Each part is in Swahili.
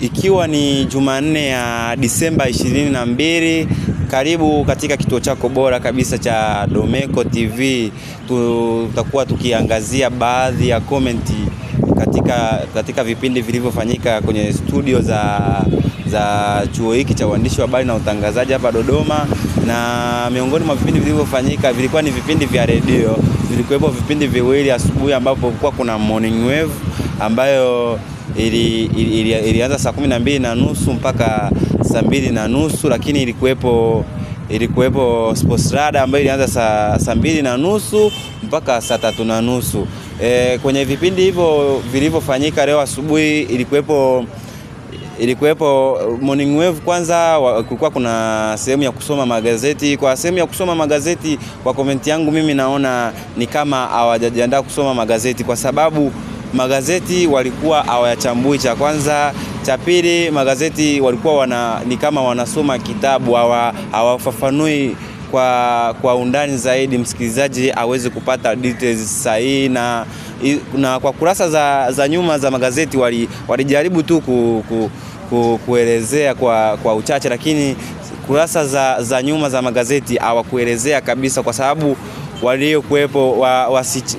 ikiwa ni Jumanne ya Disemba 22. Karibu katika kituo chako bora kabisa cha Domeko TV. Tutakuwa tukiangazia baadhi ya komenti katika, katika vipindi vilivyofanyika kwenye studio za, za chuo hiki cha uandishi wa habari na utangazaji hapa Dodoma, na miongoni mwa vipindi vilivyofanyika vilikuwa ni vipindi vya redio, vilikuwepo vipindi viwili asubuhi ambapo kulikuwa kuna morning wave ambayo ili, ili, ilianza saa kumi na mbili na nusu mpaka saa mbili na nusu lakini ilikuwepo ilikuwepo sports rada ambayo ilianza saa, saa mbili na nusu mpaka saa tatu na nusu. E, kwenye vipindi hivyo vilivyofanyika leo asubuhi ilikuwepo ilikuwepo morning wave. Kwanza kulikuwa kuna sehemu ya kusoma magazeti. Kwa sehemu ya kusoma magazeti, kwa komenti yangu mimi naona ni kama hawajajiandaa kusoma magazeti kwa sababu magazeti walikuwa hawayachambui, cha kwanza. Cha pili, magazeti walikuwa wana, ni kama wanasoma kitabu, hawafafanui kwa, kwa undani zaidi, msikilizaji aweze kupata details sahihi na, na kwa kurasa za, za nyuma za magazeti walijaribu wali tu ku, ku, ku, kuelezea kwa, kwa uchache, lakini kurasa za, za nyuma za magazeti hawakuelezea kabisa kwa sababu waliokuwepo wa,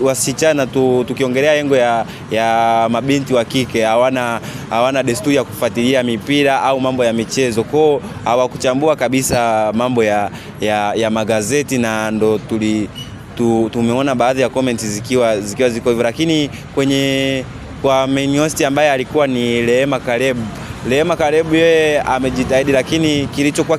wasichana tu, tukiongelea yengo ya, ya mabinti wa kike hawana hawana desturi ya kufuatilia mipira au mambo ya michezo kwao, hawakuchambua kabisa mambo ya, ya, ya magazeti na ndo tuli tu, tumeona baadhi ya comments zikiwa, zikiwa ziko hivyo, lakini kwenye kwa ambaye alikuwa ni Rehema Kalebu Rehema Karebu yeye amejitahidi, lakini kilichokuwa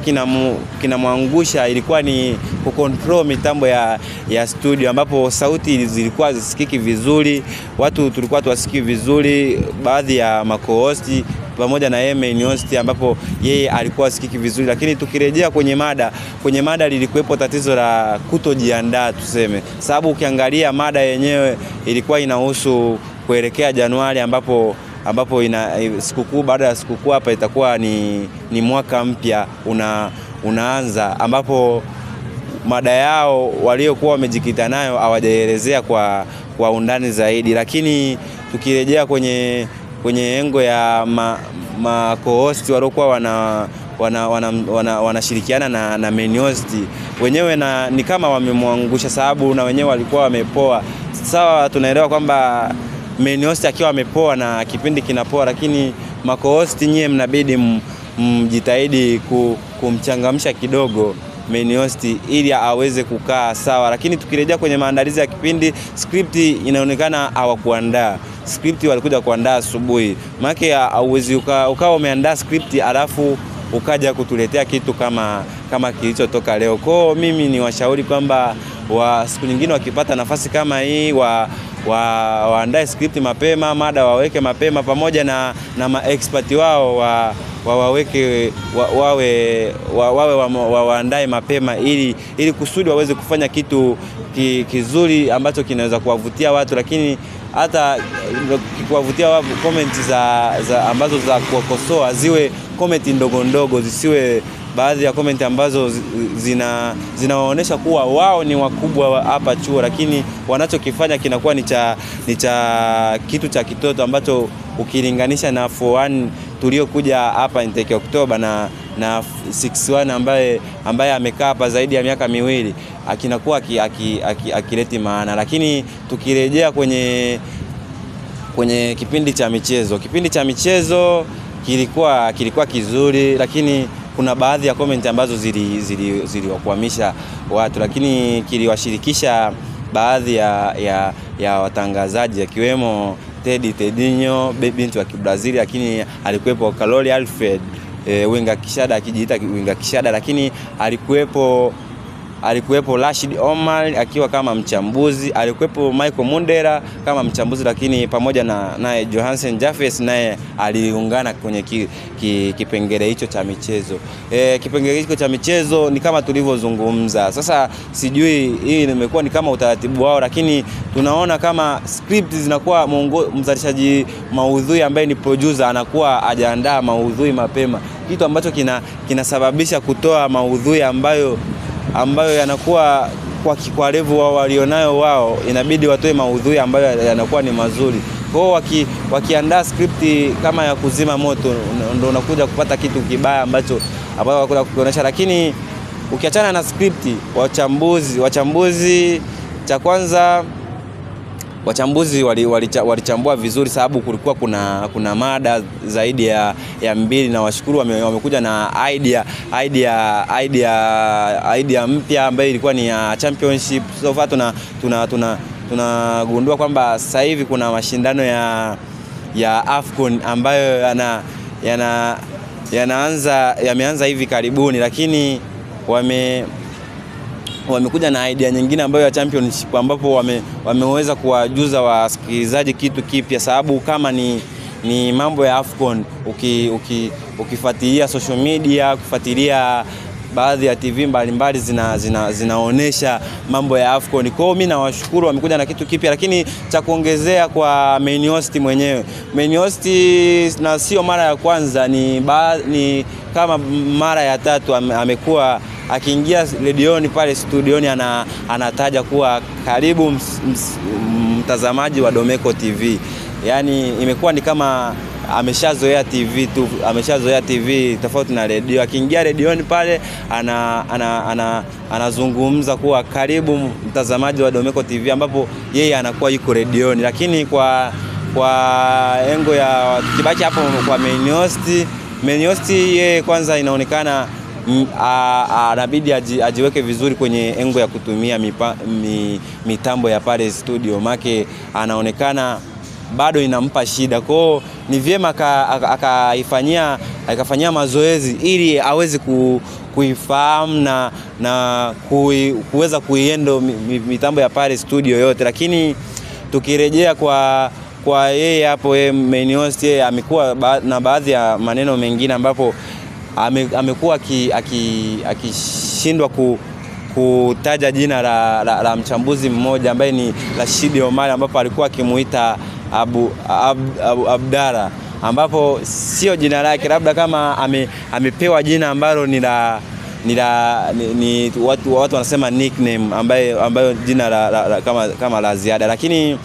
kinamwangusha kina ilikuwa ni kukontrol mitambo ya, ya studio ambapo sauti zilikuwa zisikiki vizuri, watu tulikuwa tuwasikii vizuri, baadhi ya makohosti pamoja na yeye main host ambapo yeye alikuwa asikiki vizuri, lakini tukirejea kwenye mada, kwenye mada lilikuwepo tatizo la kutojiandaa tuseme, sababu ukiangalia mada yenyewe ilikuwa inahusu kuelekea Januari ambapo ambapo ina eh, sikukuu baada ya sikukuu hapa itakuwa ni, ni mwaka mpya una, unaanza ambapo mada yao waliokuwa wamejikita nayo hawajaelezea kwa, kwa undani zaidi, lakini tukirejea kwenye, kwenye engo ya makohosti ma waliokuwa wana wanashirikiana wana, wana, wana na, na host wenyewe na, ni kama wamemwangusha sababu na wenyewe walikuwa wamepoa. Sawa, tunaelewa kwamba main host akiwa amepoa na kipindi kinapoa, lakini host nyie mnabidi mjitahidi kumchangamsha kidogo main host ili aweze kukaa sawa. Lakini tukirejea kwenye maandalizi ya kipindi, script inaonekana hawakuandaa script, walikuja kuandaa asubuhi, make hauwezi ukawa uka umeandaa script alafu ukaja kutuletea kitu kama, kama kilichotoka leo. Kwao mimi ni washauri kwamba wa siku nyingine wakipata nafasi kama hii wa wa, waandae script mapema, mada waweke mapema, pamoja na, na maexpert wao wa wawaweke wawe, wawe wawaandae mapema ili, ili kusudi waweze kufanya kitu ki, kizuri ambacho kinaweza kuwavutia watu, lakini hata kuwavutia comment za, za ambazo za kuwakosoa ziwe komenti ndogo ndogo, zisiwe baadhi ya komenti ambazo zina zinawaonyesha kuwa wao ni wakubwa hapa chuo, lakini wanachokifanya kinakuwa ni cha kitu cha kitoto ambacho ukilinganisha na tuliokuja hapa Intake Oktoba na na 61 ambaye ambaye amekaa hapa zaidi ya miaka miwili akinakuwa akileti aki, aki, aki maana, lakini tukirejea kwenye kwenye kipindi cha michezo, kipindi cha michezo kilikuwa kilikuwa kizuri, lakini kuna baadhi ya comment ambazo ziliwakwamisha zili, zili watu, lakini kiliwashirikisha baadhi ya, ya, ya watangazaji akiwemo ya Teddy Tedinho binti wa Kibrazili, lakini alikuwepo Kaloli Alfred e, eh, winga kishada akijiita winga kishada, lakini alikuwepo alikuwepo Rashid Omar akiwa kama mchambuzi, alikuwepo Michael Mundera kama mchambuzi, lakini pamoja na naye Johansen Jaffes naye aliungana kwenye ki, ki, kipengele hicho cha michezo e, kipengele hicho cha michezo ni kama tulivyozungumza. Sasa sijui hii imekuwa ni kama utaratibu wao, lakini tunaona kama script zinakuwa mzalishaji maudhui ambaye ni producer anakuwa ajaandaa maudhui mapema, kitu ambacho kina kinasababisha kutoa maudhui ambayo ambayo yanakuwa kwa, kwa levu wao walionayo wao, inabidi watoe maudhui ambayo yanakuwa ni mazuri. Kwa hiyo waki, wakiandaa skripti kama ya kuzima moto, ndo unakuja kupata kitu kibaya ambacho ambao wanakuja kukionyesha. Lakini ukiachana na skripti, wachambuzi wachambuzi, cha kwanza wachambuzi walichambua wali, wali vizuri, sababu kulikuwa kuna, kuna mada zaidi ya, ya mbili, na washukuru wamekuja wame na idea, idea, idea, idea mpya ambayo ilikuwa ni ya championship. So far tuna tunagundua tuna, tuna, tuna kwamba sasa hivi kuna mashindano ya, ya Afcon ambayo yana, yana, yanaanza yameanza hivi karibuni, lakini wame wamekuja na idea nyingine ambayo ya championship ambapo wame, wameweza kuwajuza wasikilizaji kitu kipya, sababu kama ni, ni mambo ya Afcon uki, uki, ukifuatilia social media ukifuatilia baadhi ya TV mbalimbali zina, zina, zinaonesha mambo ya Afcon. Kwa hiyo mimi nawashukuru wamekuja na kitu kipya, lakini cha kuongezea kwa main host mwenyewe, main host na sio mara ya kwanza, ni, ba, ni kama mara ya tatu amekuwa akiingia redioni pale studioni ana, anataja kuwa karibu mtazamaji wa Domeko TV. Yaani imekuwa ni kama ameshazoea TV tu, ameshazoea TV tofauti na redio. Akiingia redioni pale anazungumza ana, ana, ana kuwa karibu mtazamaji wa Domeko TV, ambapo yeye anakuwa yuko redioni, lakini kwa kwa engo ya Kibaki hapo kwa Meniosti Meniosti, yeye kwanza inaonekana anabidi aji, ajiweke vizuri kwenye engo ya kutumia mipa, mi, mitambo ya pale studio, make anaonekana bado inampa shida kwao. Ni vyema akaifanyia akafanyia mazoezi ili aweze ku, kuifahamu na, na kui, kuweza kuiendo mitambo ya pale studio yote. Lakini tukirejea kwa kwa yeye hapo, yeye main host, yeye amekuwa ba, na baadhi ya maneno mengine ambapo ame, amekuwa akishindwa aki kutaja jina la, la, la mchambuzi mmoja ambaye ni Rashidi Omari ambapo alikuwa akimuita Abu, Ab, Ab, Abdara ambapo sio jina lake, labda kama ame, amepewa jina ambalo ni la ni la ni, ni watu, watu wanasema nickname ambayo, ambayo jina la, la, la, kama, kama la ziada lakini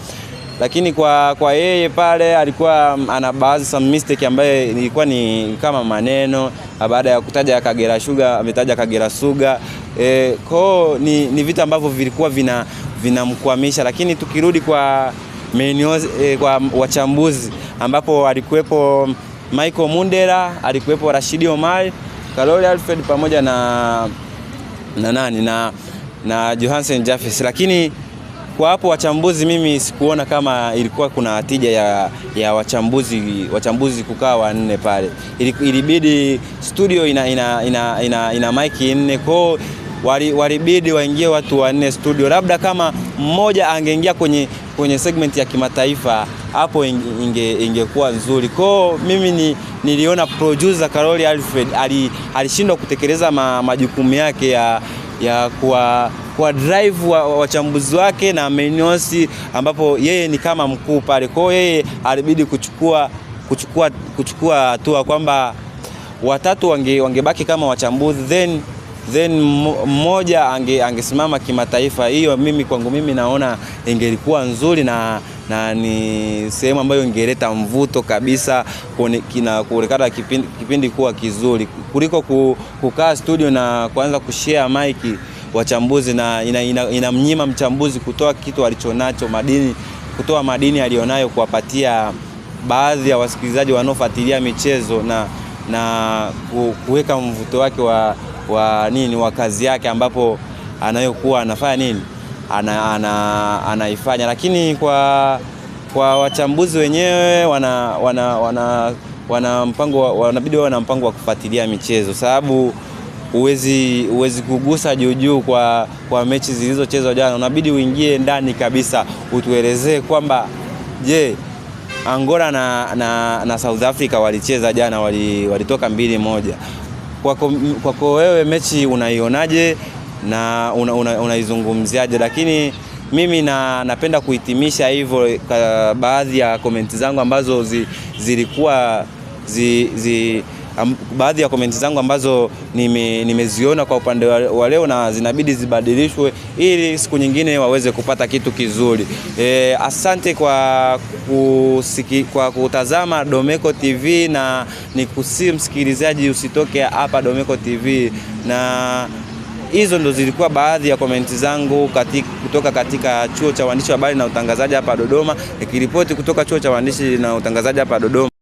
lakini kwa, kwa yeye pale alikuwa um, ana baadhi some mistake ambaye ilikuwa ni kama maneno baada ya kutaja Kagera Sugar ametaja Kagera Sugar e, kwao ni, ni vitu ambavyo vilikuwa vina vinamkwamisha, lakini tukirudi kwa menio, e, kwa wachambuzi ambapo alikuwepo um, Michael Mundera, alikuwepo Rashidi Omar, Kalori Alfred pamoja na na nani na na Johansen Jafes lakini kwa hapo wachambuzi, mimi sikuona kama ilikuwa kuna tija ya, ya wachambuzi wachambuzi kukaa wanne pale. Ilibidi studio ina, ina, ina, ina, ina maiki nne koo walibidi waingie watu wanne studio, labda kama mmoja angeingia kwenye, kwenye segment ya kimataifa hapo ingekuwa nzuri koo Mimi ni, niliona producer Karoli Alfred alishindwa kutekeleza ma, majukumu yake ya, ya kuwa kwa drive wachambuzi wa wake na menosi ambapo yeye ni kama mkuu pale. Kwa hiyo yeye alibidi kuchukua kuchukua kuchukua hatua kwamba watatu wange, wangebaki kama wachambuzi then then mmoja ange, angesimama kimataifa. Hiyo mimi kwangu mimi naona ingelikuwa nzuri na, na ni sehemu ambayo ingeleta mvuto kabisa na kuonekana kipindi, kipindi kuwa kizuri kuliko kukaa studio na kuanza kushare mic wachambuzi na inamnyima ina, ina mchambuzi kutoa kitu alichonacho madini, kutoa madini aliyonayo kuwapatia baadhi ya wasikilizaji wanaofuatilia michezo na, na kuweka mvuto wake wa, wa nini wa kazi yake ambapo anayokuwa anafanya nini ana, ana, anaifanya lakini kwa, kwa wachambuzi wenyewe wana, wana, wana, wana mpango wanabidi wawe na mpango wa kufuatilia michezo sababu huwezi huwezi kugusa juujuu kwa, kwa mechi zilizochezwa jana, unabidi uingie ndani kabisa utuelezee kwamba je, Angola na, na, na South Africa walicheza jana, walitoka wali mbili moja. Kwako kwa wewe mechi unaionaje na unaizungumziaje? una, una lakini mimi na, napenda kuhitimisha hivyo baadhi ya komenti zangu ambazo zi, zilikuwa zi, zi, baadhi ya komenti zangu ambazo nimeziona nime kwa upande wa leo na zinabidi zibadilishwe ili siku nyingine waweze kupata kitu kizuri. E, asante kwa, kusiki, kwa kutazama Domeko TV na nikusii msikilizaji usitoke hapa Domeko TV na hizo ndo zilikuwa baadhi ya komenti zangu katika, kutoka katika chuo cha waandishi wa habari na utangazaji hapa Dodoma, nikiripoti kutoka chuo cha waandishi na utangazaji hapa Dodoma.